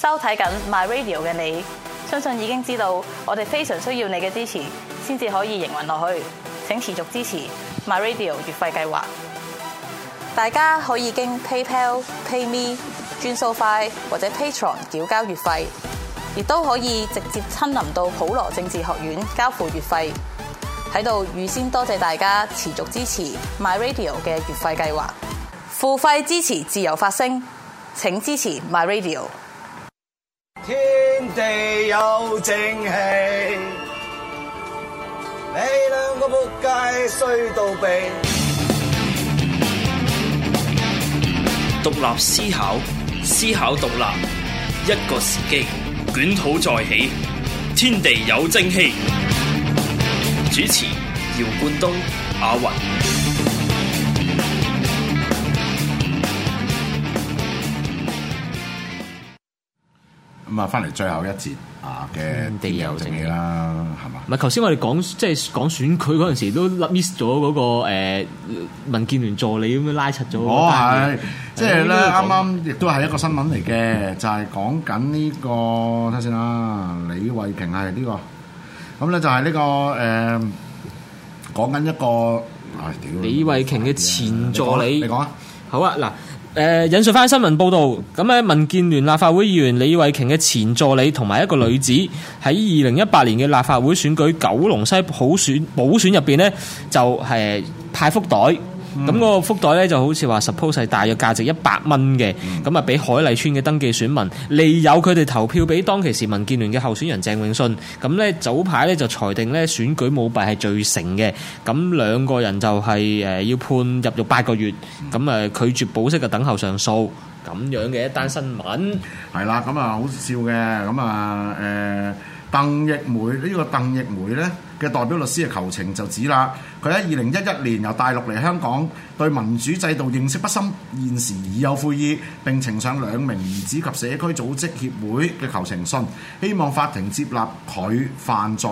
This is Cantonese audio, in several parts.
收睇緊 My Radio 嘅你，相信已經知道我哋非常需要你嘅支持，先至可以營運落去，請持續支持 My Radio 月費計劃。大家可以經 PayPal、PayMe、轉數快或者 Patreon 繳交月費，亦都可以直接親臨到普羅政治學院交付月費。喺度預先多謝大家持續支持 My Radio 嘅月費計劃，付費支持自由發聲，請支持 My Radio。天地有正氣，你兩個仆街衰到痹。獨立思考，思考獨立，一個時機，捲土再起。天地有正氣。主持：姚冠東、阿云。咁啊，翻嚟最後一節啊嘅天地友政氣啦，係嘛吧？唔係，頭先我哋講即係講選舉嗰陣時，都 miss 咗嗰個誒、呃、民建聯助理咁樣拉出咗、那個。哦，係是即係是咧，啱啱亦都係一個新聞嚟嘅，嗯、就係講緊、這、呢個睇下先啦。李慧瓊係呢個，咁咧就係呢、這個誒、呃、講緊一個、哎、李慧瓊嘅前助理。哎、你講啊？好啊嗱。引述翻新聞報導，咁咧民建聯立法會議員李慧瓊嘅前助理同埋一個女子喺二零一八年嘅立法會選舉九龍西補選補選入邊呢，就係、是、派福袋。咁個福袋咧就好似話，suppose 係大約價值一百蚊嘅，咁啊俾海麗邨嘅登記選民利誘佢哋投票俾當其時民建聯嘅候選人鄭泳舜，咁咧早排咧就裁定咧選舉舞弊係罪成嘅，咁兩個人就係誒要判入獄八個月，咁啊拒絕保釋嘅等候上訴，咁樣嘅一單新聞，係啦，咁啊好笑嘅，咁啊誒鄧奕梅呢個鄧奕梅咧。嘅代表律師嘅求情就指啦。佢喺二零一一年由大陸嚟香港，對民主制度認識不深，現時已有悔意。並呈上兩名兒子及社區組織協會嘅求情信，希望法庭接納佢犯罪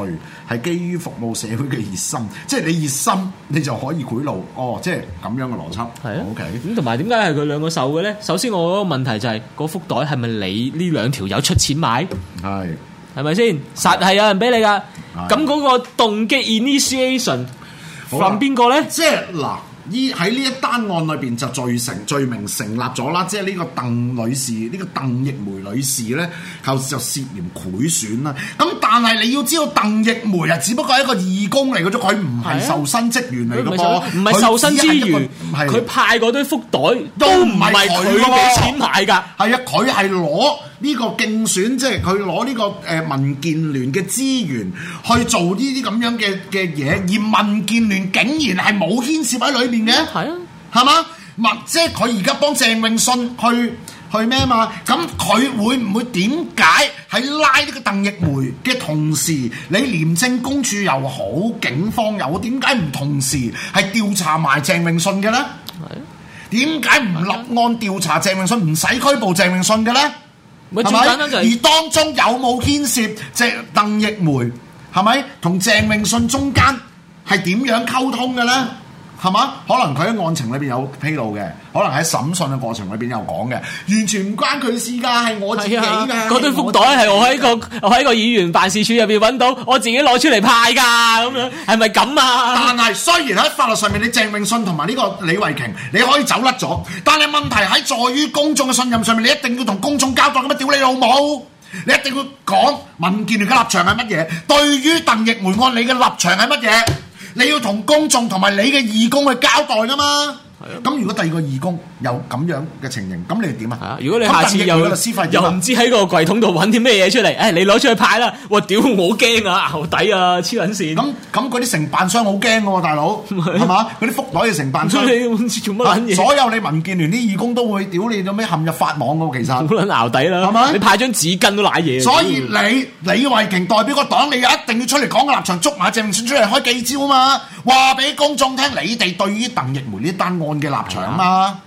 係基於服務社會嘅熱心，即係你熱心，你就可以賄賂。哦，即係咁樣嘅邏輯。係啊。O K。咁同埋點解係佢兩個手嘅呢？首先我嗰個問題就係嗰福袋係咪你呢兩條友出錢買？係。係咪先？實係有人俾你噶。咁嗰的個動機 initiation，犯邊個咧？呢即係嗱，依喺呢一單案裏邊就罪成罪名成立咗啦。即係呢個鄧女士，呢、呢個鄧奕梅女士咧，後時就涉嫌賄選啦。咁但係你要知道，鄧奕梅啊，只不過係一個義工嚟嘅啫，佢唔係受薪職員嚟嘅喎，唔係受薪之餘，唔係佢派嗰堆福袋都唔係佢俾錢買㗎。係啊，佢係攞。呢個競選即係佢攞呢個誒民建聯嘅資源去做呢啲咁樣嘅嘅嘢，而民建聯竟然係冇牽涉喺裏面嘅，係啊，係嘛？唔即係佢而家幫鄭泳舜去去咩嘛？咁佢會唔會點解喺拉呢個鄧奕梅嘅同時，你廉政公署又好，警方又好，點解唔同時係調查埋鄭泳舜嘅咧？係啊，點解唔立案調查鄭泳舜，唔使拘捕鄭泳舜嘅咧？係咪？而當中有冇牽涉鄭鄧奕梅？係咪同鄭明信中間係點樣溝通嘅呢？係嘛？可能佢喺案情裏邊有披露嘅，可能喺審訊嘅過程裏邊有講嘅，完全唔關佢事噶係我自己噶。嗰堆、啊、福袋係我喺個我喺個議員辦事處入邊揾到，我自己攞出嚟派噶咁樣，係咪咁啊？但係雖然喺法律上面，你鄭永信同埋呢個李慧瓊你可以走甩咗，但係問題喺在於公眾嘅信任上面，你一定要同公眾交代，咁啊屌你老母！你一定要講民建聯嘅立場係乜嘢？對於鄧奕梅案，你嘅立場係乜嘢？你要同公眾同埋你嘅義工去交代㗎嘛！咁如果第二個義工有咁樣嘅情形，咁你點啊？如果你下次又又唔知喺個櫃桶度揾啲咩嘢出嚟，誒你攞出去派啦！我屌我好驚啊，淆底啊黐撚線！咁咁嗰啲承辦商好驚嘅喎，大佬係嘛？嗰啲福袋嘅承辦商，所有你民建聯啲義工都會屌你做咩陷入法網嘅喎，其實好撚淆底啦，係咪？你派張紙巾都賴嘢。所以你李慧瓊代表個黨，你一定要出嚟講個立場，捉馬正選出嚟開記招啊嘛！話俾公眾聽，你哋對於鄧亦梅呢單案嘅立場啊嘛，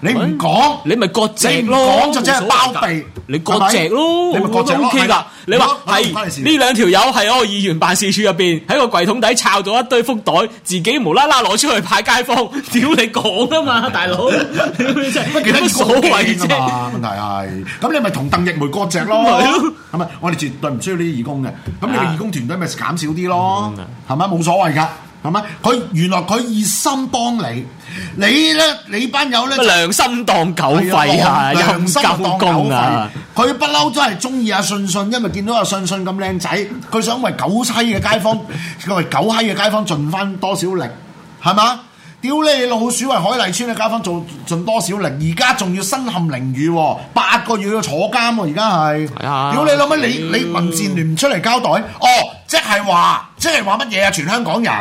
你唔講，你咪割席咯，講就真係包庇，你割席咯。你咪割席，O K 噶。你話係呢兩條友係我議員辦事處入邊喺個櫃桶底摷到一堆福袋，自己無啦啦攞出去派街坊。屌你講啊嘛，大佬，乜嘢所謂啫？問題係，咁你咪同鄧亦梅割席咯。係咪？我哋絕對唔需要呢啲義工嘅。咁你個義工團隊咪減少啲咯？係咪？冇所謂㗎。係咪？佢原來佢熱心幫你，你咧你班友咧、啊，良心當狗肺，啊！良心當狗肺啊！佢不嬲都係中意阿信信，因為見到阿信信咁靚仔，佢想為九閪嘅街坊， 為九閪嘅街坊盡翻多少力，係嘛？屌你老鼠，為海麗村嘅街坊做盡多少力？而家仲要身陷囹圄，八個月要坐監喎，而家係。屌你諗乜？你你文字聯唔出嚟交代，哦、oh！即係話，即係話乜嘢啊？全香港人，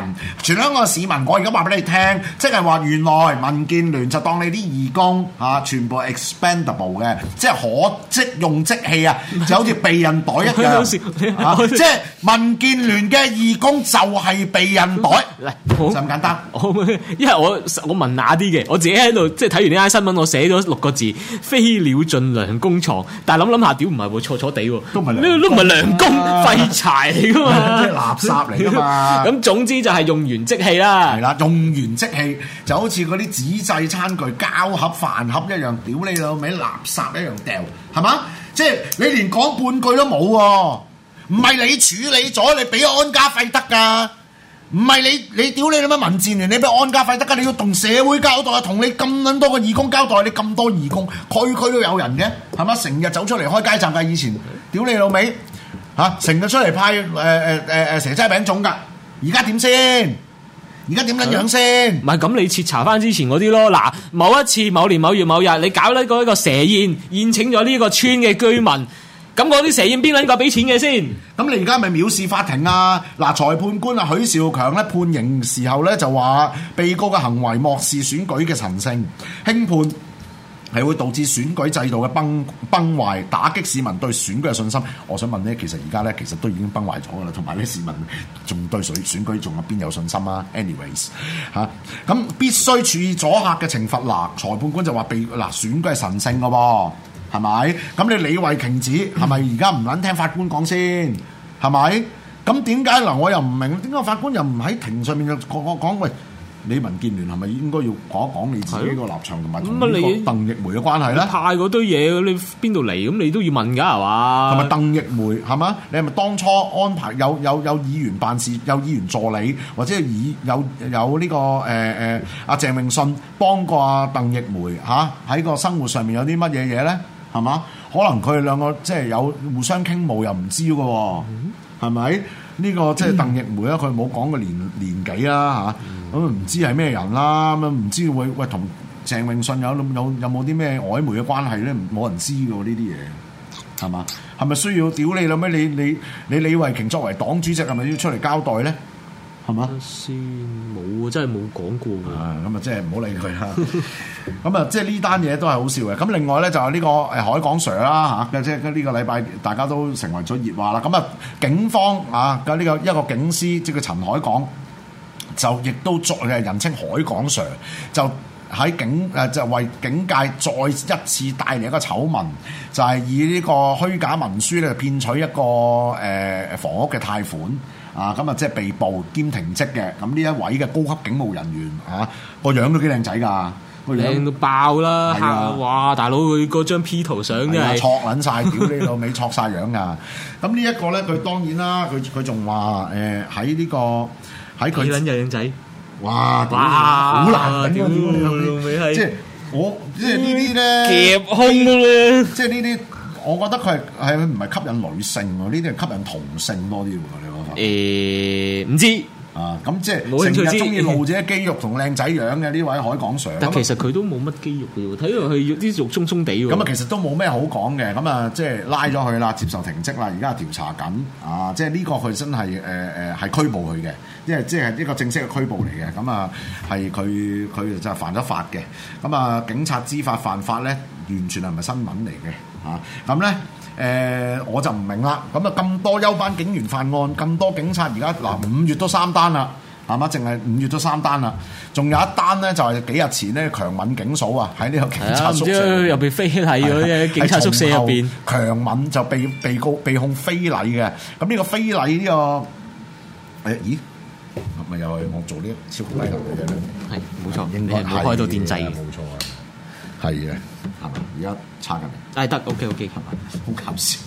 全香港市民，我而家話俾你聽，即係話原來民建聯就當你啲義工啊，全部 expendable 嘅，即係可即用即棄啊，就好似避孕袋一樣。即係民建聯嘅義工就係避孕袋，就咁簡單。因為我我問那啲嘅，我自己喺度即係睇完呢啲新聞，我寫咗六個字：飛鳥盡，良弓藏。但係諗諗下，屌唔係喎，錯錯地喎，都唔係良弓，都唔係良弓廢柴嚟㗎嘛 啲 垃圾嚟噶嘛？咁 總之就係用完即棄啦。係啦，用完即棄就好似嗰啲紙製餐具、膠盒、飯盒一樣，屌你老味，垃圾一樣掉，係嘛？即係你連講半句都冇喎，啊，唔係你處理咗，你俾安家費得噶？唔係你你屌你老味，民建聯，你俾安家費得噶？你要同社會交代，同你咁捻多個義工交代，你咁多義工，區區都有人嘅，係嘛？成日走出嚟開街站噶，以前屌你老味。吓，成日出嚟派誒誒誒誒蛇齋餅粽噶，而家點先？而家點樣樣先？唔係咁，你徹查返之前嗰啲咯。嗱，某一次、某年、某月、某日，你搞呢個一個蛇宴，宴請咗呢個村嘅居民。咁嗰啲蛇宴邊撚個俾錢嘅先？咁你而家咪藐視法庭啊？嗱、啊，裁判官啊許少強咧判刑時候咧就話，被告嘅行為漠視選舉嘅神聖，輕判。係會導致選舉制度嘅崩崩壞，打擊市民對選舉嘅信心。我想問咧，其實而家咧，其實都已經崩壞咗噶啦，同埋咧，市民仲對選選舉仲有邊有信心啊？Anyways，嚇、啊、咁必須處以阻嚇嘅懲罰啦、啊。裁判官就話被嗱、啊、選舉係神聖噶噃，係咪？咁你李慧瓊指係咪？而家唔撚聽法官講先係咪？咁點解嗱？我又唔明點解法官又唔喺庭上面就講講喂？你民建聯係咪應該要講一講你自己個立場，同埋同呢個鄧逸梅嘅關係咧？派嗰堆嘢，你邊度嚟？咁你都要問㗎，係嘛？係咪鄧逸梅係嘛？你係咪當初安排有有有議員辦事，有議員助理，或者係議有有呢、這個誒誒阿謝明信幫過阿鄧逸梅嚇喺、啊、個生活上面有啲乜嘢嘢咧？係嘛？可能佢哋兩個即係、就是、有互相傾慕，又唔知嘅喎，係咪呢個即係鄧逸梅咧？佢冇講個年年紀啦嚇。啊咁唔知係咩人啦？咁唔知會喂同鄭泳信有有有冇啲咩曖昧嘅關係咧？冇人知嘅喎呢啲嘢，係嘛？係咪需要屌你啦？咩？你你你李慧瓊作為黨主席，係咪要出嚟交代咧？係嘛？先冇，真係冇講過啊！咁、 就是、啊，即係唔好理佢嚇。咁啊，即係呢單嘢都係好笑嘅。咁另外咧就係呢個誒海港 Sir 啦嚇，即係呢個禮拜大家都成為咗熱話啦。咁啊，警方啊嘅呢、呢個一個警司，即、就、係、是、陳海港。就亦都作誒人稱海港 Sir，就喺警誒就為警界再一次帶嚟一個醜聞，就係、是、以呢個虛假文書咧騙取一個誒房屋嘅貸款啊！咁、呃、啊，即係被捕兼停職嘅。咁、啊、呢一位嘅高級警務人員嚇，個、啊、樣都幾靚仔㗎，靚、啊、都爆啦！啊、哇，大佬佢嗰張 P 圖相真係錯撚曬，屌你、啊、 老尾錯晒樣㗎！咁呢一個咧，佢當然啦，佢佢仲話誒喺呢個。睇佢撚又靚仔，哇！好難頂、啊即，即係我即係呢啲咧、嗯，夾胸咧、啊，即係呢啲，我覺得佢係係唔係吸引女性喎？呢啲係吸引同性多啲喎，你講下。誒唔、欸、知。啊，咁即係成老兄日中意露啲肌肉同靚仔樣嘅呢、嗯、位海港 sir，咁其實佢都冇乜肌肉嘅喎，睇落去啲肉鬆鬆地喎。咁啊，其實都冇咩好講嘅。咁啊，即係拉咗佢啦，接受停職啦，而家調查緊。啊，即係呢個佢真係誒誒係拘捕佢嘅，因為即係呢個正式嘅拘捕嚟嘅。咁啊，係佢佢就係犯咗法嘅。咁啊，警察知法犯法咧，完全係唔係新聞嚟嘅？嚇、啊，咁咧。誒、呃、我就唔明啦，咁啊咁多休班警員犯案，咁多警察而家嗱五月都三單啦，阿媽淨係五月都三單啦，仲有一單咧就係幾日前呢，就係、前強吻警嫂啊，喺呢個警察宿舍入邊非禮、啊、警察宿舍入邊、啊、強吻就被被告被控非禮嘅，咁呢個非禮呢、呢個誒咦，係咪又係我做呢啲超級低能嘅咧？係冇錯，係冇、嗯、開到電掣冇錯、啊係嘅，係咪？而家差緊但哎得，O K O K，好搞笑，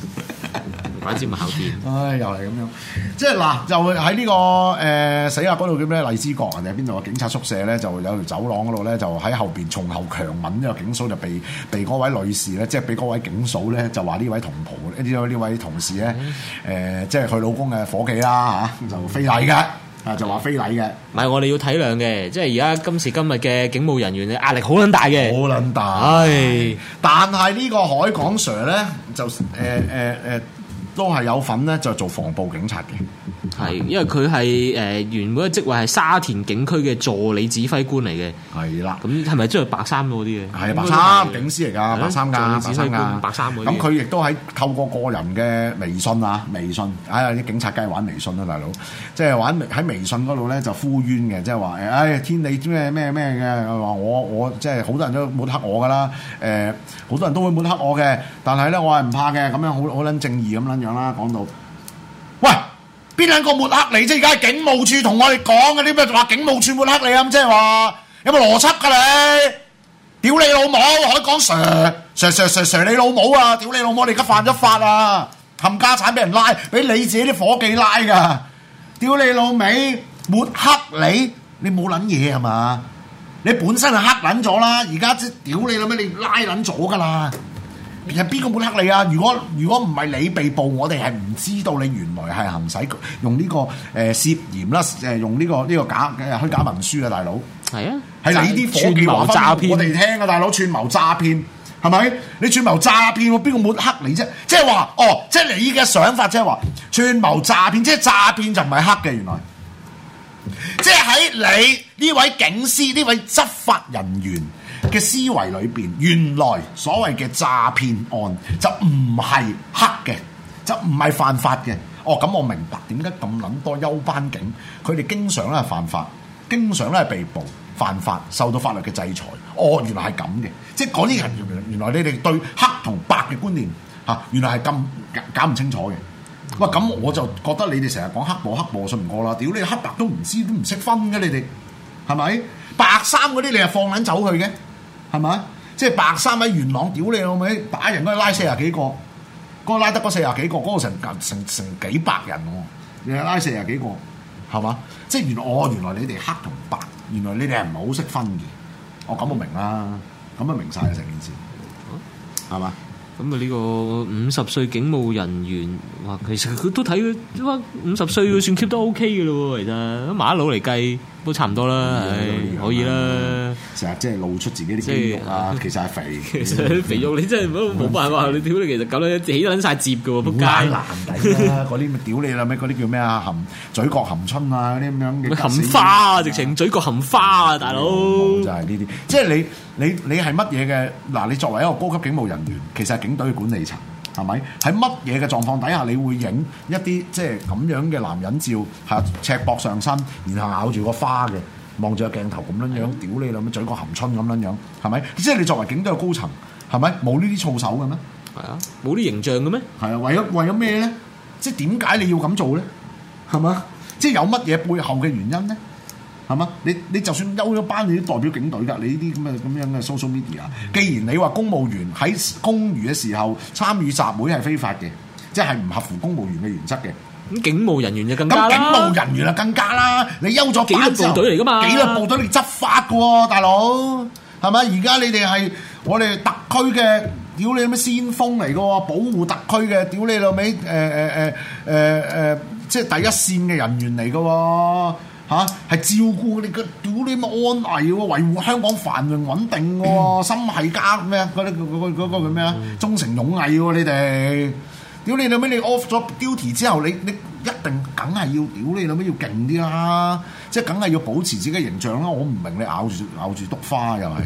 反正唔考啲。唉、 哎，又係咁樣，即係嗱，就會喺呢個誒、呃、死啊！嗰度叫咩荔枝角定係邊度啊？警察宿舍咧就有條走廊嗰度咧，就喺後邊從後強吻呢個，警嫂就被被嗰位女士咧，即係俾嗰位警嫂咧就話呢位同袍，呢位呢位同事咧，誒、呃、即係佢老公嘅伙計啦嚇，就非禮嘅。就話非禮嘅，唔係我哋要體諒嘅，即係而家今時今日嘅警務人員嘅壓力好撚大嘅，好撚大。唉但係呢個海港 Sir 呢就誒誒誒。呃呃呃都係有份咧，就係、做防暴警察嘅。係，因為佢係誒原本個職位係沙田警區嘅助理指揮官嚟嘅。係啦的，咁係咪即係白衫嗰啲嘅？係啊，白衫警司嚟噶，白衫噶，白衫白衫。咁佢亦都喺透過個人嘅微信啊，微信，哎呀啲警察梗係玩微信啦、啊，大佬，即、就、係、是、玩喺微信嗰度咧就呼冤嘅，即係話誒，天地咩咩咩嘅，話我我即係好多人都抹黑我噶啦，誒、呃，好多人都會抹黑我嘅，但係咧我係唔怕嘅，咁樣好好捻正義咁捻。啦，講到喂，邊兩個抹黑你啫？而家警務處同我哋講嘅啲咩話警務處抹黑你啊？咁即係話有冇邏輯㗎你？屌你老母！我可以講 Sir Sir Sir Sir Sir 你老母啊！屌你老母！你而家犯咗法啊！冚家產俾人拉，俾你自己啲夥計拉㗎！屌你老味！抹黑你，你冇撚嘢係嘛？你本身係黑撚咗啦，而家即係屌你老味？你拉撚咗㗎啦！其實邊個抹黑你啊？如果如果唔係你被捕，我哋係唔知道你原來係行使用呢個誒涉嫌啦，誒用呢、這個呢、這個假嘅虛假文書啊，大佬。係啊，係你啲伙記話翻我哋聽啊，大佬串謀詐騙係咪？你串謀詐騙喎？邊個抹黑你啫，啊？即係話哦，即係你嘅想法，即係話串謀詐騙，即係詐騙就唔係黑嘅原來。即係喺你呢位警司呢位執法人員。嘅思維裏邊，原來所謂嘅詐騙案就唔係黑嘅，就唔係犯法嘅。哦，咁我明白點解咁諗多休班警，佢哋經常咧係犯法，經常咧係被捕，犯法受到法律嘅制裁。哦，原來係咁嘅，即係嗰啲人，原來你哋對黑同白嘅觀念嚇、啊，原來係咁搞唔清楚嘅。喂，咁我就覺得你哋成日講黑暴黑暴，我信唔過啦。屌，你黑白都唔知，都唔識分嘅你哋。係咪白衫嗰啲你係放撚走佢嘅？係咪？即係白衫喺元朗屌你老味，打人都係拉四十幾個，嗰、那個、拉得嗰四十幾個，嗰、那個、成成成，成幾百人喎、啊，你拉四十幾個，係嘛？即係原來哦，原來你哋黑同白，原來你哋係唔係好識分嘅？我咁就明啦，咁啊明晒成件事，係嘛？咁啊呢個五十歲警務人員，哇！其實佢都睇五十歲，算 keep 得 OK 嘅咯喎，其實咁馬老嚟計。都差唔多啦，可以啦，成日即係露出自己啲肌肉啊，其實係肥，其實肥肉你真係冇冇辦法，你屌你，其實咁樣起捻晒摺噶喎，仆街爛底嗰啲咪屌你啦，咩嗰啲叫咩啊，含嘴角含春啊，嗰啲咁樣嘅含花，直情嘴角含花啊，大佬就係呢啲，即係你你你係乜嘢嘅？嗱，你作為一個高級警務人員，其實係警隊管理層。係咪？喺乜嘢嘅狀況底下，你會影一啲即係咁樣嘅男人照，係赤膊上身，然後咬住個花嘅，望住個鏡頭咁樣樣，屌你啦，嘴角含春咁樣樣，係咪？即係你作為警隊嘅高層，係咪冇呢啲操守嘅咩？係啊，冇啲形象嘅咩？係啊，為咗為咗咩咧？即係點解你要咁做咧？係嘛？即係有乜嘢背後嘅原因咧？係嘛？你你就算休咗班，你都代表警隊噶。你呢啲咁嘅咁樣嘅 social media，既然你話公務員喺公餘嘅時候參與集會係非法嘅，即係唔合乎公務員嘅原則嘅。咁警務人員就更加啦。咁警務人員啊，更加啦！你休咗班之後，幾多部隊嚟噶嘛？幾多部隊嚟執法嘅喎、啊，大佬係咪？而家你哋係我哋特區嘅屌你咩先鋒嚟嘅喎？保護特區嘅屌你老味誒誒誒誒誒，即係第一線嘅人員嚟嘅喎。嚇、啊，係照顧你個，屌你乜安危喎、啊，維護香港繁榮穩定喎，心係家咩？嗰啲嗰個嗰個叫咩啊？忠誠、嗯、勇毅喎、啊，你哋，屌你老尾你 off 咗 duty 之後，你你，你，的你，的你一定梗係要，屌你老尾要勁啲啦，即係梗係要保持自己形象啦。我唔明你咬住咬住篤花又係，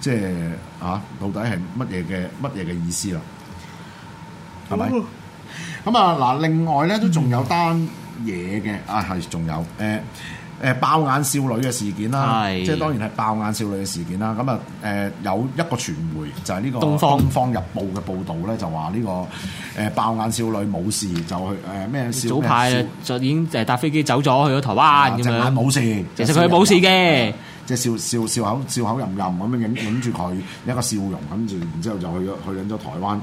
即係嚇，到底係乜嘢嘅乜嘢嘅意思啦？係咪、嗯？咁啊嗱，嗯嗯、另外咧都仲有單嘢嘅啊，係仲有誒誒爆眼少女嘅事件啦，是即係當然係爆眼少女嘅事件啦。咁啊誒有一個傳媒就係、是、呢個《東方東方日報》嘅報導咧，就話呢、這個誒爆、呃、眼少女冇事就去誒咩？呃、早排前麼就已經誒搭飛機走咗去咗台灣，冇、啊、樣事。其實佢冇事嘅，即係笑笑笑口笑口吟吟咁樣揾住佢一個笑容，咁住然之後，後就去咗去咗台灣。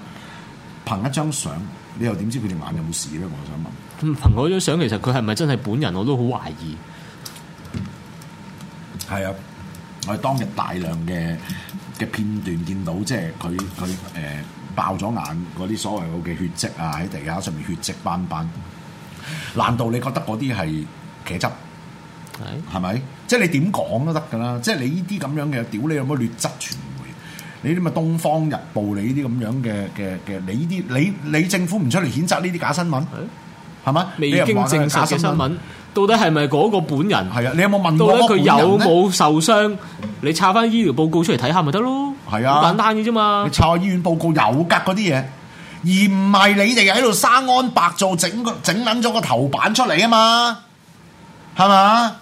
憑一張相，你又點知佢哋眼有冇事咧？我想問。嗯，憑嗰張相其實佢係咪真係本人我都好懷疑。係啊，我當日大量嘅嘅片段見到，即係佢佢誒爆咗眼嗰啲所謂嘅血跡啊，喺地下上面血跡斑斑。難道你覺得嗰啲係茄汁？係係咪？即係你點講都得㗎啦。即係你呢啲咁樣嘅，屌你有冇劣質傳媒？你啲咪《東方日報》你呢啲？你呢啲咁樣嘅嘅嘅？你呢啲你你政府唔出嚟譴責呢啲假新聞？係嘛？未經證實嘅新聞，到底係咪嗰個本人？係啊，你有冇問過，到底佢有冇受傷？嗯、你查翻醫療報告出嚟睇下咪得咯。係啊，簡單嘅啫嘛。你查下醫院報告有冇嗰啲嘢，而唔係你哋喺度生安白做，整整撚咗個頭版出嚟啊嘛。係嘛？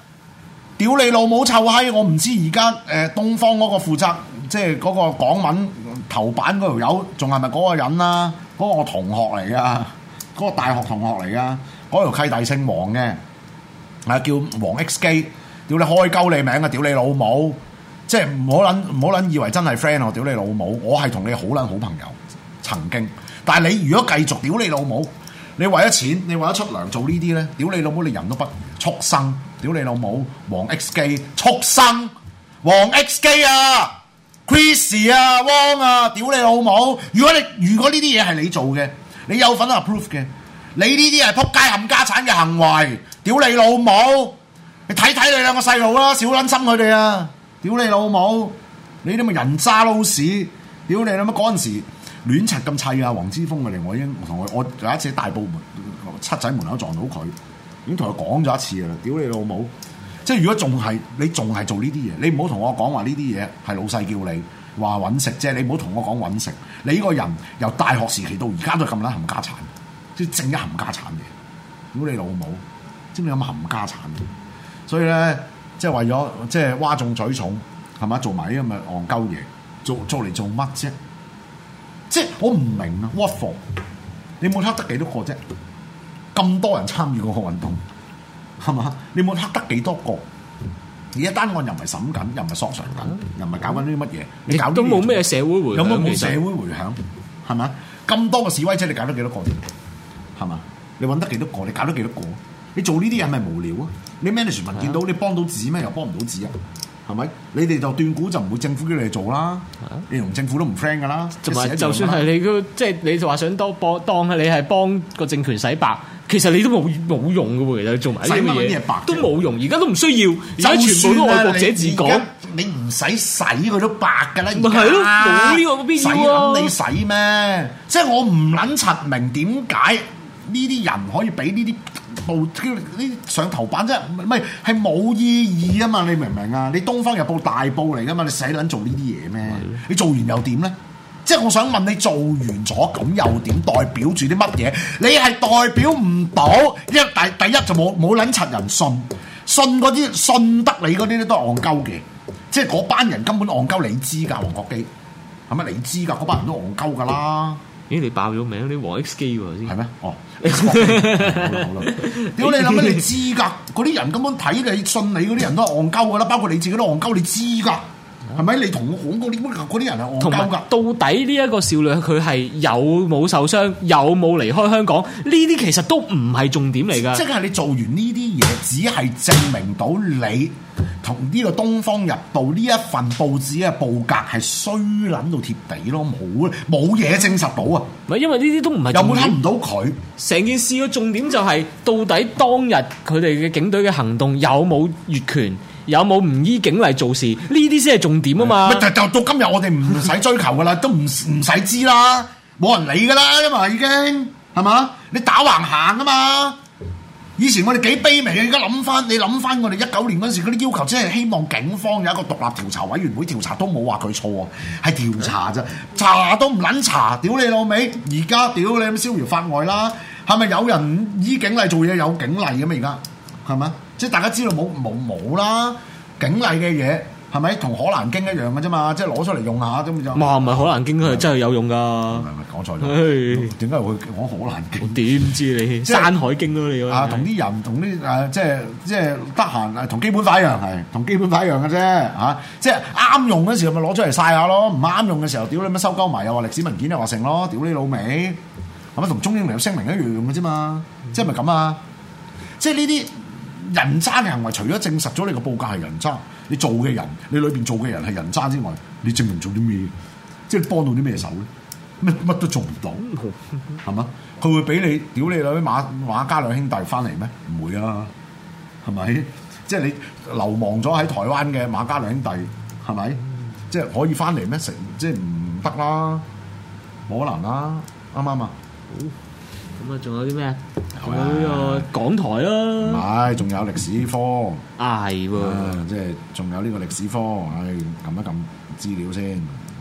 屌你老母臭閪！我唔知而家誒東方嗰個負責，即係嗰個港文頭版嗰條友，仲係咪嗰個人啊？嗰、嗰個我同學嚟噶。 嗰個大學同學嚟噶，嗰條契弟姓王嘅，係叫王 X 基，屌你開鳩你名啊！屌你老母，即係唔好撚唔好撚以為真係 friend 我，屌你老母，我係同你好撚好朋友，曾經。但係你如果繼續屌你老母，你為咗錢，你為咗出糧做呢啲咧，屌你老母，你人都不如畜生，屌你老母，王 X 基畜生，王 X 基啊，Chris 啊，汪啊，啊，屌你老母！如果你如果呢啲嘢係你做嘅。你有份 approve 嘅，你呢啲係撲街冚家產嘅行為，屌你老母！你睇睇你兩個細路啦，少撚心佢哋啊，屌你老母！你啲咪人渣撈屎，屌你老母！嗰陣時亂柒咁砌啊，黃之鋒嚟，我已經我同我我有一次喺大部門七仔門口撞到佢，已經同佢講咗一次啦，屌你老母！即係如果仲係你仲係做呢啲嘢，你唔好同我講話呢啲嘢係老細叫你。話揾食啫，你唔好同我講揾食。你呢個人由大學時期到而家都咁撚冚家產，即係正一冚家產嘅。屌你老母，知唔知有冇冚家產嘅？所以咧，即係為咗即係嘩眾取寵，係嘛？做埋呢咁嘅戇鳩嘢，做做嚟做乜啫？即係我唔明啊！what for？你冇黑得幾多個啫？咁多人參與嗰個運動，係嘛？你冇黑得幾多個？而家單案又唔係審緊，又唔係索償緊，又唔係搞緊啲乜嘢？嗯、你搞都冇咩社會回響嘅，有冇社會回響？係咪？咁多個示威者，你搞得幾多個？係嘛？你揾得幾多個？你搞得幾多個？你做呢啲嘢係咪無聊啊？你 management 見到、嗯、你幫到自己咩？又幫唔到自己啊？係咪？你哋就斷估就唔會政府叫你哋做啦。你同政府都唔 friend 噶啦。就算係你都即係你就話想多幫當你係幫個政權洗白。其實你都冇冇用嘅喎，其實做埋呢啲嘢白都冇用，而家都唔需要。而家全部都愛國者自講，你唔使洗佢都白㗎啦。而家唔係啊，使揞你洗咩？即係我唔撚尋明點解呢啲人可以俾呢啲報條呢上頭版啫？唔係係冇意義啊嘛！你明唔明啊？你《東方日報》大報嚟㗎嘛？你使撚做呢啲嘢咩？的你做完又點咧？即係我想問你做完咗咁又點代表住啲乜嘢？你係代表唔到一第第一就冇冇撚柒人信，信嗰啲信得你嗰啲咧都係戇鳩嘅，即係嗰班人根本戇鳩，你知㗎，黃國基係咪你知㗎？嗰班人都戇鳩㗎啦。咦、欸？你爆咗名你黃 X 基喎、啊？係咩嗎？哦，屌你諗乜你，你知㗎？嗰啲人根本睇你信你嗰啲人都係戇鳩㗎啦，包括你自己都戇鳩，你知㗎。係咪你同我講過啲乜嘢？嗰啲人係戇鳩㗎。到底呢一個少女佢係有冇受傷？有冇離開香港？呢啲其實都唔係重點嚟㗎。即係你做完呢啲嘢，只係證明到你同呢個《東方日報》呢一份報紙嘅報格係衰撚到貼地咯，冇冇嘢證實到啊！唔係因為呢啲都唔係。有冇睇唔到佢？成件事嘅重點就係，到底當日佢哋嘅警隊嘅行動有冇越權？有冇唔依警例做事？呢啲先係重點啊嘛！咪就 到今日，我哋唔使追求噶啦，都唔唔使知啦，冇人理噶啦，因為已經係嘛？你打橫行啊嘛！以前我哋幾卑微嘅，而家諗翻，你諗翻我哋一九年嗰時嗰啲要求，真係希望警方有一個獨立調查委員會調查，都冇話佢錯啊，係調查咋？查都唔捻查，屌你老味！而家屌你咁，逍遙法外啦，係咪有人依警例做嘢？有警例嘅嘛？而家係嘛？即係大家知道冇冇冇啦，警例嘅嘢係咪同《可蘭經》一樣嘅啫嘛？即係攞出嚟用下啫就嘛唔係《可蘭經》佢真係有用㗎，唔係唔係講錯咗？點解會講《可蘭經》？我點知你？就是、山海經啊，你？啊，同啲人同啲誒，即係即係得閒同基本法一樣係，同基本法一樣嘅啫嚇。即係啱用嗰時咪攞出嚟晒下咯，唔啱用嘅時候，屌你咪收鳩埋又話歷史文件又話成咯，屌你老味，係咪同中英明聲明一樣嘅啫嘛，即係咪咁啊？即係呢啲。人渣嘅行為，除咗證實咗你個報價係人渣，你做嘅人，你裏邊做嘅人係人渣之外，你證明做啲咩？即係幫到啲咩手咧？乜乜都做唔到，係嘛？ 佢會俾你屌你老閪馬，馬家兩兄弟翻嚟咩？唔會啊，係咪？即係你流亡咗喺台灣嘅馬家兩兄弟係咪？ 即係可以翻嚟咩？成即係唔得啦，冇可能啦，啱唔啱啊？好。咁啊，仲有啲咩啊？有呢個港台咯，唔係，仲有歷史科啊，係喎，即係仲有呢個歷史科，唉，撳一撳資料先，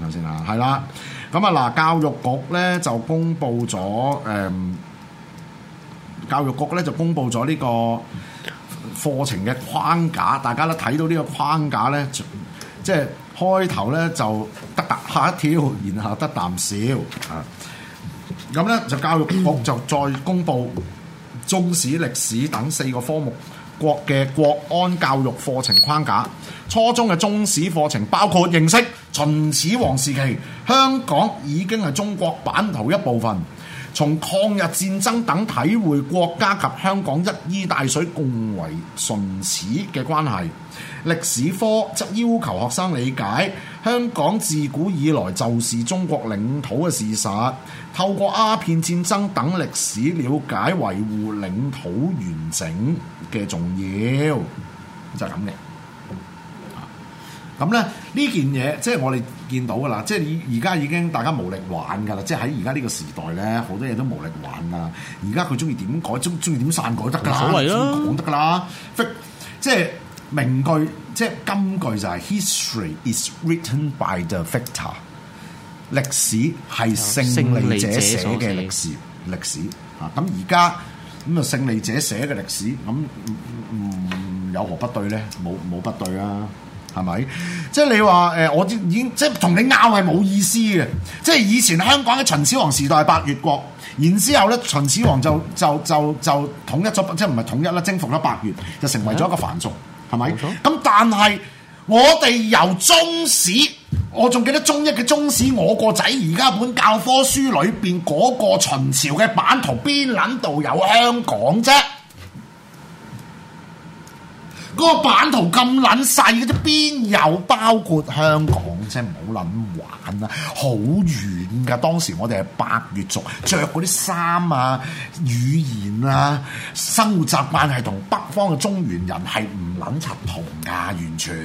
睇下先啦，係啦，咁啊嗱，教育局咧就公布咗，誒，教育局咧就公布咗呢個課程嘅框架，大家都睇到呢個框架咧，即係開頭咧就得吓一跳，然後得啖笑啊。咁咧就教育局就再公布中史、歷史等四個科目國嘅國安教育課程框架。初中嘅中史課程包括認識秦始皇時期，香港已經係中國版圖一部分。從抗日戰爭等體會國家及香港一衣帶水、共為唇齒嘅關係；歷史科則要求學生理解香港自古以來就是中國領土嘅事實，透過鴉片戰爭等歷史了解維護領土完整嘅重要，就係咁嘅。咁咧呢件嘢，即係我哋見到噶啦，即係而家已經大家無力玩噶啦，即係喺而家呢個時代咧，好多嘢都無力玩噶啦。而家佢中意點改，中中意點散，改得噶啦，無所謂啦，講得噶啦。即係名句，即係金句就係 History is written by the victor。歷史係勝利者寫嘅歷史。歷史啊，咁而家咁啊勝利者寫嘅歷史，咁、嗯嗯、有何不對咧？冇冇不對啊！係咪？即係你話誒、呃，我已經即係同你拗係冇意思嘅。即係以前香港嘅秦始皇時代，百越國。然之後咧，秦始皇就就就就統一咗，即係唔係統一啦，征服咗百越，就成為咗一個藩屬。係咪？咁但係我哋由中史，我仲記得中一嘅中史，我個仔而家本教科書裏邊嗰個秦朝嘅版圖，邊撚度有香港啫？嗰個版圖咁撚細嘅啫，邊有包括香港啫？唔好諗玩啦、啊，好遠。噶，當時我哋係百越族，着嗰啲衫啊、語言啊、生活習慣係同北方嘅中原人係唔撚柒同噶，完全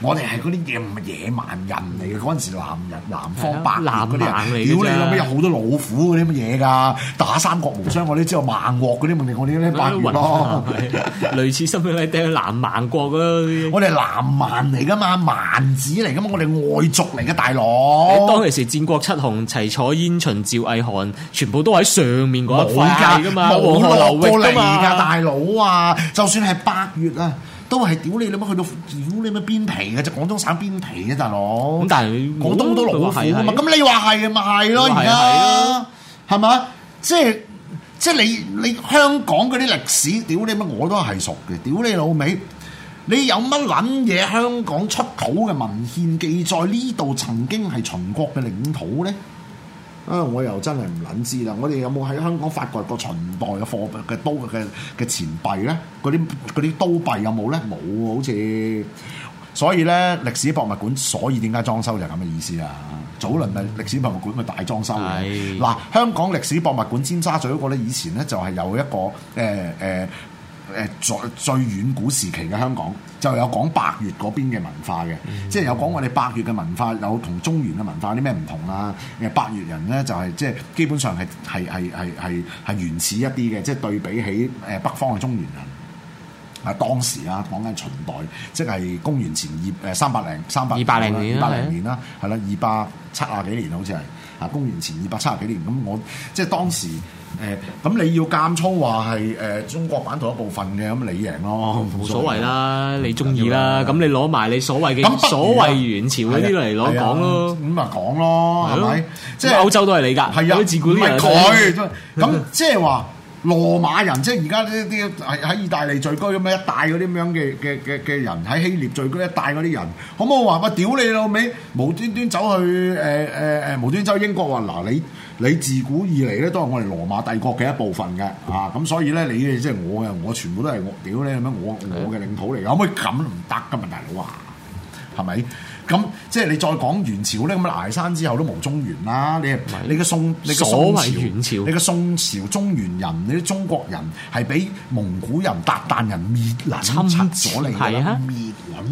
我哋係嗰啲野唔野蠻人嚟嘅。嗰陣時人人南人南方百越嗰啲，屌你老味有好多老虎嗰啲乜嘢噶，打三國無雙我啲只有孟獲嗰啲咪我啲百越咯，類似身分嚟定南蠻國咯。 我哋南蠻嚟噶嘛，蠻子嚟噶嘛，我哋外族嚟嘅大佬。當其時戰國七雄。齊坐煙秦趙魏韓，全部都喺上面嗰一塊冇噶嘛，黃河流域噶大佬啊！啊就算係八月啊，都係屌你老母去到，屌你乜邊皮啊！就廣東省邊皮啫，大佬是。咁但係廣東都老虎啊嘛？咁你話係咪係咯？而家係嘛？即係即係你你香港嗰啲歷史，屌你乜我都係熟嘅，屌你老味，你有乜卵嘢香港出土嘅文獻記載呢度曾經係秦國嘅領土咧？啊！我又真係唔撚知啦。我哋有冇喺香港發掘過秦代嘅貨幣嘅刀嘅嘅錢幣咧？嗰啲啲刀幣有冇咧？冇好似。所以咧，歷史博物館所以點解裝修就係咁嘅意思啊？早輪咪歷史博物館嘅大裝修嘅。嗱是，香港歷史博物館尖沙咀嗰個咧，以前咧就係有一個誒誒。呃呃誒，在最遠古時期嘅香港就有講百越嗰邊嘅文化嘅，嗯、即係有講我哋百越嘅文化有同中原嘅文化有啲咩唔同啦。誒，百越人咧就係、是、即係基本上係係係係係係原始一啲嘅，即係對比起誒北方嘅中原人。誒，當時啊，講緊秦代，即係公元前二誒三百零三百二百零年二零年啦，係啦的，二百，的二百七啊幾年好似係。啊，公元前二百七十幾年，咁我即係當時誒，咁你要間充話係誒中國版圖一部分嘅，咁你贏咯，冇所謂啦，你中意啦，咁你攞埋你所謂嘅所謂元朝嗰啲嚟攞講咯，咁咪講咯，係咪？即係歐洲都係你㗎，係啊，唔係佢，咁即係話。羅馬人即係而家呢啲係喺意大利聚居咁樣一帶嗰啲咁樣嘅嘅嘅嘅人喺希臘聚居一帶嗰啲人，可唔可以話我屌你老味，無端端走去誒誒誒無端走英國話嗱你你自古以嚟咧都係我哋羅馬帝國嘅一部分嘅啊，咁所以咧你，你即係我嘅，我全部都係我屌你咁樣，我我嘅領土嚟㗎，可唔可以咁唔得噶嘛大佬啊，係咪？咁即係你再講元朝咧，咁啊崖山之後都冇中原啦。你你嘅宋，是你嘅宋，宋朝，你嘅宋朝中原人，你啲中國人係俾蒙古人、韃靼人滅、侵略咗你㗎啦。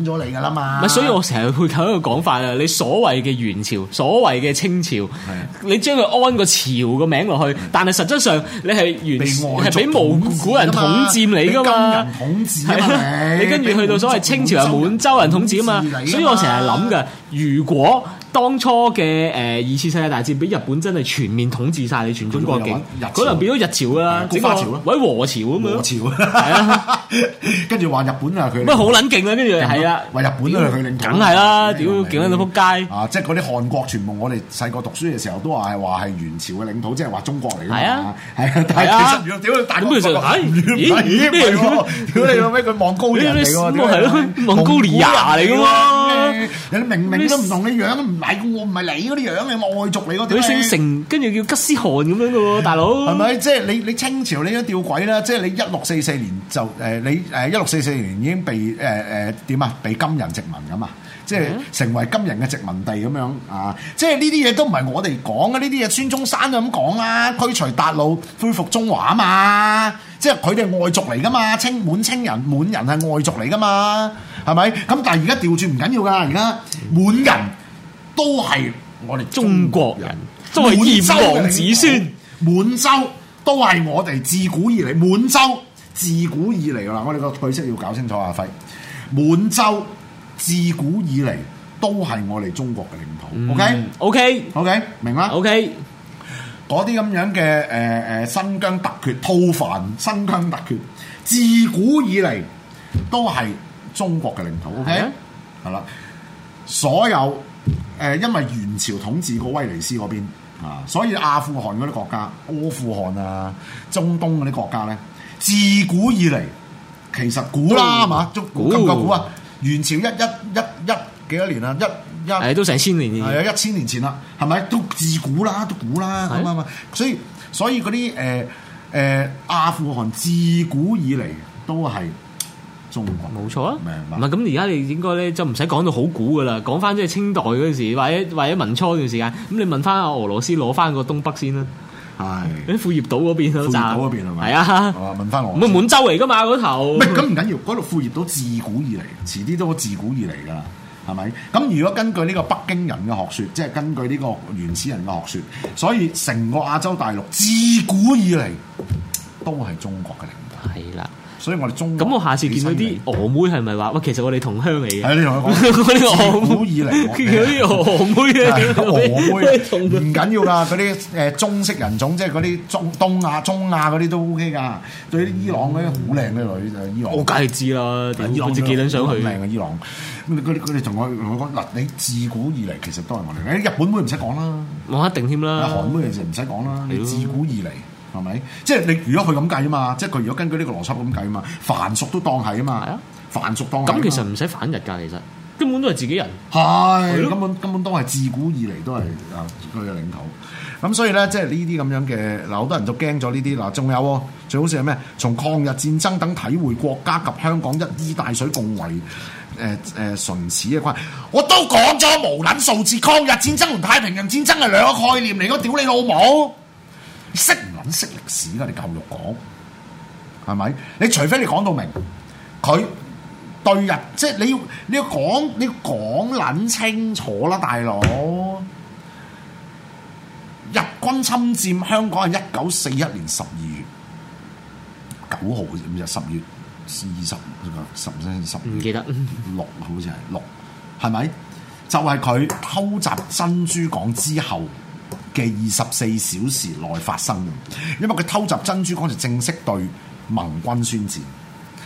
咗你噶啦嘛，咪所以我成日會講一個講法啊，你所謂嘅元朝，所謂嘅清朝，的你將佢安個朝個名落去，的但係實質上你係元係俾蒙古人統占你噶嘛，係嘛，你跟住去到所謂清朝係滿洲人統治啊嘛，嘛，所以我成日諗噶，如果。當初嘅誒二次世界大戰俾日本真係全面統治晒。你全中國境，佢可能變咗日朝啊，整花朝咯，或者和朝啊？咁樣啊！跟住話日本啊，佢乜好撚勁啊，跟住係啊，話日本都係佢領土，梗係啦，屌勁到撲街啊！即係嗰啲韓國傳夢，我哋細個讀書嘅時候都話係話係元朝嘅領土，即係話中國嚟㗎嘛，係啊，但係其實屌大係唔咩屌你老味，佢望高尼人嚟㗎喎，係咯，望高尼人嚟㗎喎，明明都唔同你樣，唔～大我唔係你嗰啲樣，你咪外族嚟嗰啲？李姓成，跟住叫吉思汗咁樣嘅喎，大佬係咪？即係你你清朝你都吊詭啦！即係你一六四四年就誒、呃、你誒一六四四年已經被誒誒點啊？被金人殖民咁啊！即係成為金人嘅殖民地咁樣啊！即係呢啲嘢都唔係我哋講嘅，呢啲嘢孫中山就咁講啦，驅除韃虜，恢復中華啊嘛！即係佢哋係外族嚟噶嘛，清滿清人滿人係外族嚟噶嘛，係咪？咁但係而家調轉唔緊要噶，而家滿人。嗯都係我哋中國人，作為炎黃子孫，滿洲都係我哋自古以嚟，滿洲自古以嚟啦。我哋個退息要搞清楚，阿輝。滿洲自古以嚟都係我哋中國嘅領土。OK，OK，OK，明嗎？OK，嗰啲咁樣嘅，誒、呃、誒，新疆突厥、吐蕃新疆突厥，自古以嚟都係中國嘅領土。OK，係啦、啊，所有。誒，因為元朝統治過威尼斯嗰邊啊，所以阿富汗嗰啲國家、阿富汗啊、中東嗰啲國家咧，自古以嚟其實古啦係嘛，足古今個古啊！元朝一一一一,一幾多年啊？一誒，一都成千年嘅、啊，係啊、嗯，一千年前啦、啊，係咪？都自古啦，都古啦，咁啊嘛。所以所以嗰啲誒誒，阿富汗自古以嚟都係。冇錯啊！明唔係咁，而家你應該咧就唔使講到好古噶啦，講翻即係清代嗰時，或者或者民初段時間，咁你問翻俄羅斯攞翻個東北先啦。係啲副業島嗰邊，副業島嗰邊啊？副業島嗰邊係咪？係啊！問翻我，滿洲嚟噶嘛嗰頭？唔係咁唔緊要，嗰度副業島自古以嚟，遲啲都自古以嚟噶啦，係咪？咁如果根據呢個北京人嘅學説，即係根據呢個原始人嘅學説，所以成個亞洲大陸自古以嚟都係中國嘅。所以我哋中咁我下次見到啲娥妹係咪話喂？其實我哋同鄉嚟嘅。係你同我講，自古以嚟見到啲俄妹嘅，俄妹唔緊要啦。嗰啲誒棕色人種，即係嗰啲中東亞、中亞嗰啲都 OK 噶。對啲伊朗嗰啲好靚嘅女，伊朗我梗係知啦。伊朗啲姑娘想去，靚啊！伊朗。佢哋佢哋同我同我講嗱，你自古以嚟其實都係我哋。日本妹唔使講啦，我一定添啦。韓妹就唔使講啦，你自古以嚟。係咪？即係你如果佢咁計啊嘛，即係佢如果根據呢個邏輯咁計啊嘛，凡俗都當係啊嘛，啊，凡俗當。咁其實唔使反日噶，其實根本都係自己人。係是，佢的根本根本都係自古以嚟都係啊佢嘅領土。咁所以咧，即係呢啲咁樣嘅嗱，好多人都驚咗呢啲嗱。仲有，最好笑係咩？從抗日戰爭等體會國家及香港一衣帶水共為誒誒唇齒嘅關係。我都講咗無撚數次，抗日戰爭同太平洋戰爭係兩個概念嚟，個屌你老母識。識歷史啦，啊，你教育講，係咪？你除非你講到明，佢對日即係你要你要講你要講捻清楚啦，大佬！日軍侵佔香港係一九四一年十二月九號嘅，唔係十月二十，唔記得六，好似係六，係咪？就係、是、佢偷襲珍珠港之後。嘅二十四小時內發生嘅，因為佢偷襲珍珠港就正式對盟軍宣戰，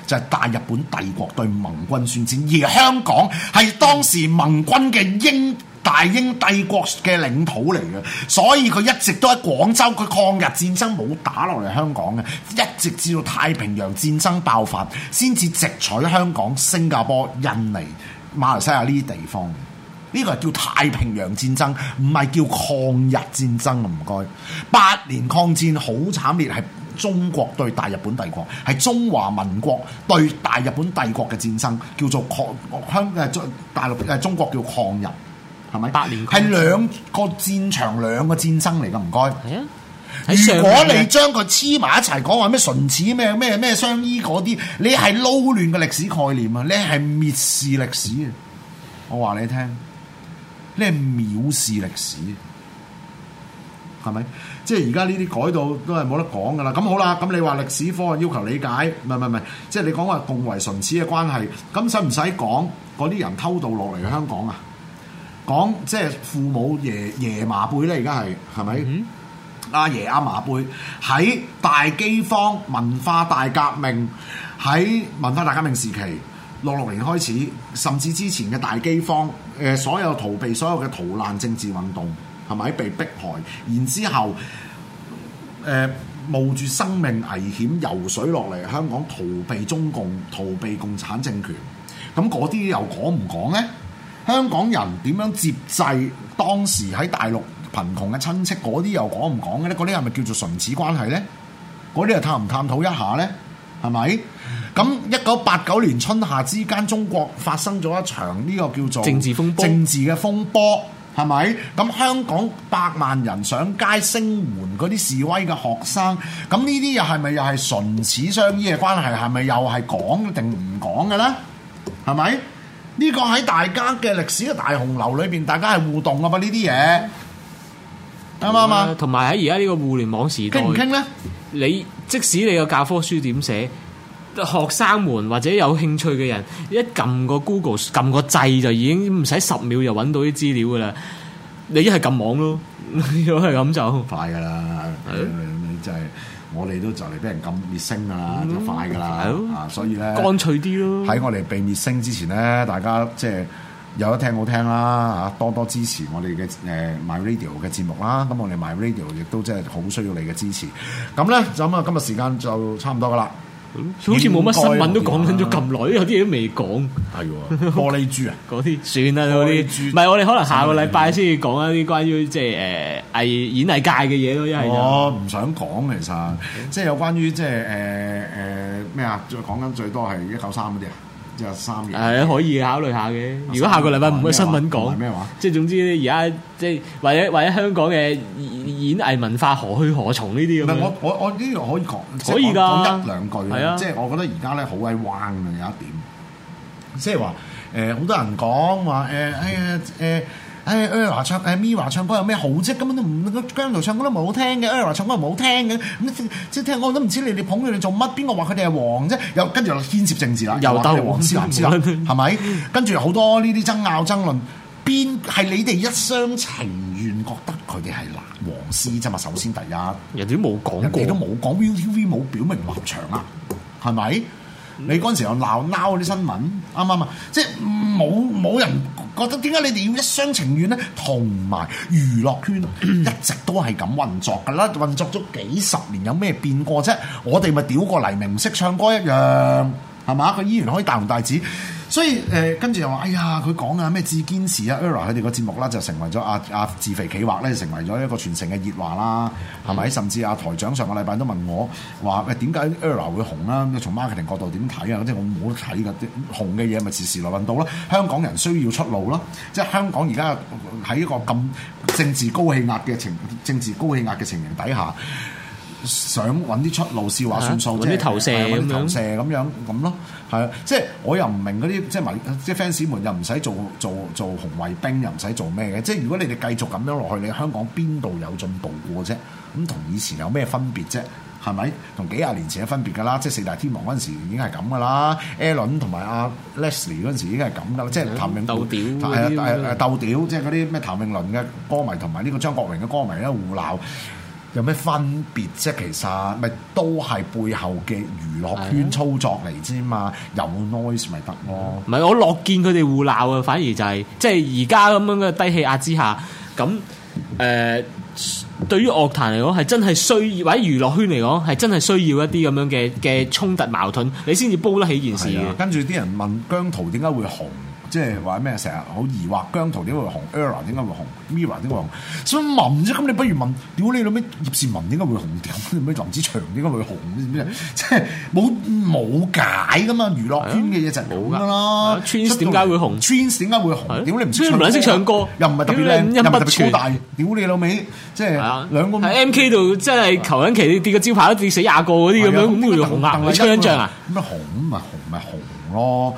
就係大日本帝國對盟軍宣戰，而香港係當時盟軍嘅英大英帝國嘅領土嚟嘅，所以佢一直都喺廣州，佢抗日戰爭冇打落嚟香港嘅，一直至到太平洋戰爭爆發，先至直取香港、新加坡、印尼、馬來西亞呢啲地方。呢個係叫太平洋戰爭，唔係叫抗日戰爭，唔該，八年抗戰好慘烈，係中國對大日本帝國，係中華民國對大日本帝國嘅戰爭，叫做抗香誒，大陸誒中國叫抗日，係咪？八年係兩個戰場，兩個戰爭嚟㗎，唔該。啊，如果你將佢黐埋一齊講話咩唇齒咩咩咩相依嗰啲，你係撈亂嘅歷史概念啊！你係蔑視歷史啊！我話你聽。咩藐視歷史？係咪？即係而家呢啲改到都係冇得講㗎喇。咁好啦，咁你話歷史科要求理解，唔係唔係唔係，即係你講話共為唇齒嘅關係，咁使唔使講嗰啲人偷渡落嚟香港啊？講即係父母爺爺嫲輩咧，而家係係咪？阿爺阿嫲輩喺大饑荒、文化大革命，喺文化大革命時期。六六年開始，甚至之前嘅大饑荒，誒、呃、所有逃避所有嘅逃難政治運動，係咪被迫害？然之後、呃、冒住生命危險游水落嚟香港，逃避中共，逃避共產政權，咁嗰啲又講唔講呢？香港人點樣接濟當時喺大陸貧窮嘅親戚，嗰啲又講唔講嘅呢？嗰啲係咪叫做唇齒關係呢？嗰啲又探唔探討一下呢？係咪？咁一九八九年春夏之間，中國發生咗一場呢個叫做政治風波，政治嘅風波係咪？咁香港百萬人上街聲援嗰啲示威嘅學生，咁呢啲又係咪又係唇齒相依嘅關係？係咪又係講定唔講嘅呢？係咪？呢個喺大家嘅歷史嘅大洪流裏邊，大家係互動㗎嘛？呢啲嘢，啱啱嘛？同埋喺而家呢個互聯網時代，傾唔傾呢？你即使你個教科書點寫？學生們或者有興趣嘅人一撳個 Google 撳個掣，就已經唔使十秒就揾到啲資料噶啦，你一係撳網咯，如果係咁就快噶啦。你真係我哋都就嚟俾人撳滅聲啊，就快噶啦。啊，所以咧乾脆啲咯。喺我哋被滅聲之前咧，大家即係有得聽好聽啦嚇，多多支持我哋嘅誒 My Radio 嘅節目啦。咁、嗯、我哋 My Radio 亦都真係好需要你嘅支持。咁咧咁啊，今日時間就差唔多噶啦。好似冇乜新聞都講緊咗咁耐，有啲嘢都未講。係的 玻璃珠啊，嗰啲算啦，嗰啲珠。唔係我哋可能下個禮拜先要講一啲關於即係誒藝演藝界嘅嘢咯，因為我唔想講，其實 即係有關於即係誒誒咩啊？再講緊最多係一九三嗰啲啊，即係三日係、呃、可以考慮下嘅。如果下個禮拜冇咩新聞講，咩話？話即係總之而家即係或者或者香港嘅。呃演藝文化何去何從呢啲？唔 我我我呢度可以講，就是、可以㗎講一兩句，是啊、即係我覺得而家咧好鬼彎啊！有一點，即係話誒，好、呃、多人講話誒，哎呀哎 e l l 唱誒唱歌有咩好啫？根本都唔，姜濤唱歌都冇好聽嘅 e l 唱歌又冇好聽嘅，即即係我都唔知你哋捧佢哋做乜？邊個話佢哋係王啫？又跟住又牽涉政治啦，又得王思楠之類，係咪？ 是是跟住好多呢啲爭拗爭論，邊係你哋一廂情願覺得佢哋係難？黃絲啫嘛，首先第一，人哋都冇講過，都冇講 ViuTV 冇表明立場啊，係咪？你嗰陣時又鬧鬧啲新聞，啱唔啱啊？即係冇冇人覺得點解你哋要一廂情願咧？同埋娛樂圈一直都係咁運作㗎啦，運作咗幾十年有咩變過啫？我哋咪屌過黎明唔識唱歌一樣，係嘛？佢依然可以大紅大紫。所以誒，跟、呃、住又話：哎呀，佢講啊，咩自堅持啊，Ella 佢哋個節目啦，就成為咗啊啊自肥企劃咧，成為咗一個全城嘅熱話啦、啊，係咪？甚至阿、啊、台長上個禮拜都問我話：喂，點解 Ella 會紅啦？從 marketing 角度點睇啊？嗰啲我冇得睇㗎，紅嘅嘢咪時時來運到啦、啊。香港人需要出路啦、啊，即係香港而家喺一個咁政治高氣壓嘅情政治高氣壓嘅情形底下。想揾啲出路是話算數啫，揾啲投射，揾投射咁樣咁咯，係啊，即係我又唔明嗰啲，即係迷，即係 fans 們又唔使做做做，做紅衛兵，又唔使做咩嘅，即係如果你哋繼續咁樣落去，你香港邊度有進步過啫？咁同以前有咩分別啫？係咪？同幾廿年前嘅分別噶啦？即係四大天王嗰陣時已經係咁噶啦 Alan 同埋阿 Leslie 嗰陣時已經係咁啦，即係譚詠鬥屌，係啊，鬥屌，即係嗰啲咩譚詠麟嘅歌迷同埋呢個張國榮嘅歌迷咧互鬧。有咩分別啫？其實咪都係背後嘅娛樂圈操作嚟啫嘛，哎、呀有，有 noise 咪得咯。唔係我樂見佢哋互鬧啊，反而就係、是、即係而家咁樣嘅低氣壓之下，咁誒、呃、對於樂壇嚟講係真係需要，或者娛樂圈嚟講係真係需要一啲咁樣嘅嘅衝突矛盾，你先至煲得起件事。跟住啲人問姜濤點解會紅？即係話咩？成日好疑惑，姜濤點解會紅？Error 點解會紅？Mirror 點解紅？想問啫，咁你不如問，屌你老味葉倩文點解會紅？或者咩林子祥點解會紅？即係冇冇解㗎嘛？娛樂圈嘅嘢就係咁㗎啦。Twins 點解會紅？Twins 點解會紅？屌你唔識，唱歌，又唔係特別靚，又唔係特別大，屌你老味、啊啊就是這個，即係兩個喺 MK 度，即係求緊其跌個招牌都跌死廿個嗰啲咁樣，咁佢紅啊？唱一印啊？咁咪紅咪紅咯，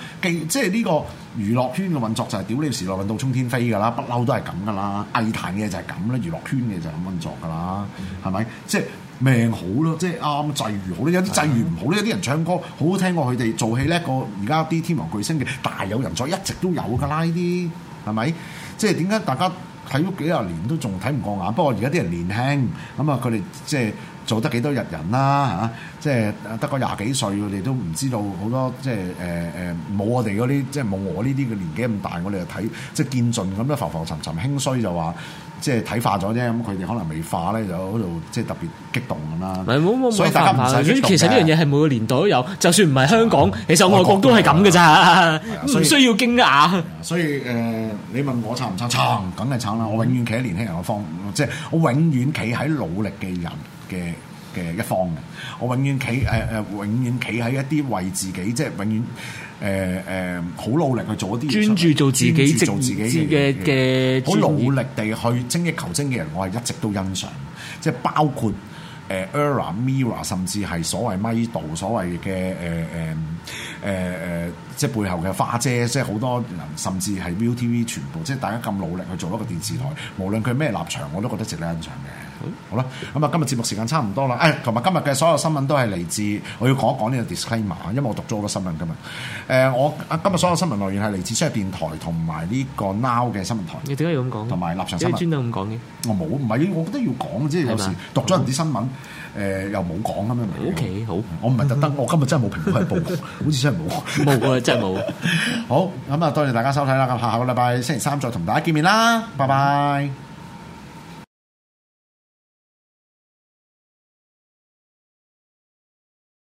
即係呢個。娛樂圈嘅運作就係屌你時來運到沖天飛㗎啦，不嬲都係咁㗎啦。藝壇嘅就係咁啦，娛樂圈嘅就係咁運作㗎啦，係咪、嗯吧？即係命好咯，即係啱際遇好咧。有啲際遇唔好咧，有啲人唱歌好好聽過佢哋做戲咧。個而家啲天王巨星嘅大有人在，一直都有㗎啦。呢啲係咪？即係點解大家睇咗幾十年都仲睇唔過眼？不過而家啲人年輕，咁啊佢哋即係。做得幾多日人啦嚇，即係得個廿幾歲，佢哋都唔知道好多，即係誒誒冇我哋嗰啲，即係冇我呢啲嘅年紀咁大，我哋就睇即係見盡咁樣浮浮沉沉，興衰就話即係睇化咗啫。咁佢哋可能未化咧，就喺度即係特別激動咁、啊、啦。所以大家其實呢樣嘢係每個年代都有，就算唔係香港，的其實外國都係咁嘅咋，唔需要驚啊。所以誒，你問我撐唔撐？撐，梗係撐啦！我永遠企喺年輕人嘅方，即、就、係、是、我永遠企喺努力嘅人嘅嘅一方嘅，我永遠企誒誒永遠企喺一啲為自己，即係永遠誒誒好努力去做一啲專注做自己職業嘅嘅，好努力地去精益求精嘅人，我係一直都欣賞，即係包括誒、呃、Error Mirror，甚至係所謂咪度所謂嘅誒誒誒誒即係背後嘅花姐，即係好多人甚至係 ViuTV 全部，即係大家咁努力去做一個電視台，無論佢咩立場我都覺得值得欣賞嘅。好啦，咁啊，今日節目時間差唔多啦。誒，同埋今日嘅所有新聞都係嚟自，我要講一講呢個 disclaimer，因為我讀咗好多新聞今日。誒，我今日所有新聞來源係嚟自商業電台同埋呢個 Now 嘅新聞台。你點解要咁講？同埋立場新聞專都咁講嘅。我冇，唔係，我覺得要講，即係有時讀咗人啲新聞，誒又冇講咁樣。OK，好，我唔係特登，我今日真係冇評論去報告，好似真係冇，冇啊，真係冇。好，咁啊，多謝大家收睇啦。咁下下個禮拜星期三再同大家見面啦。拜拜。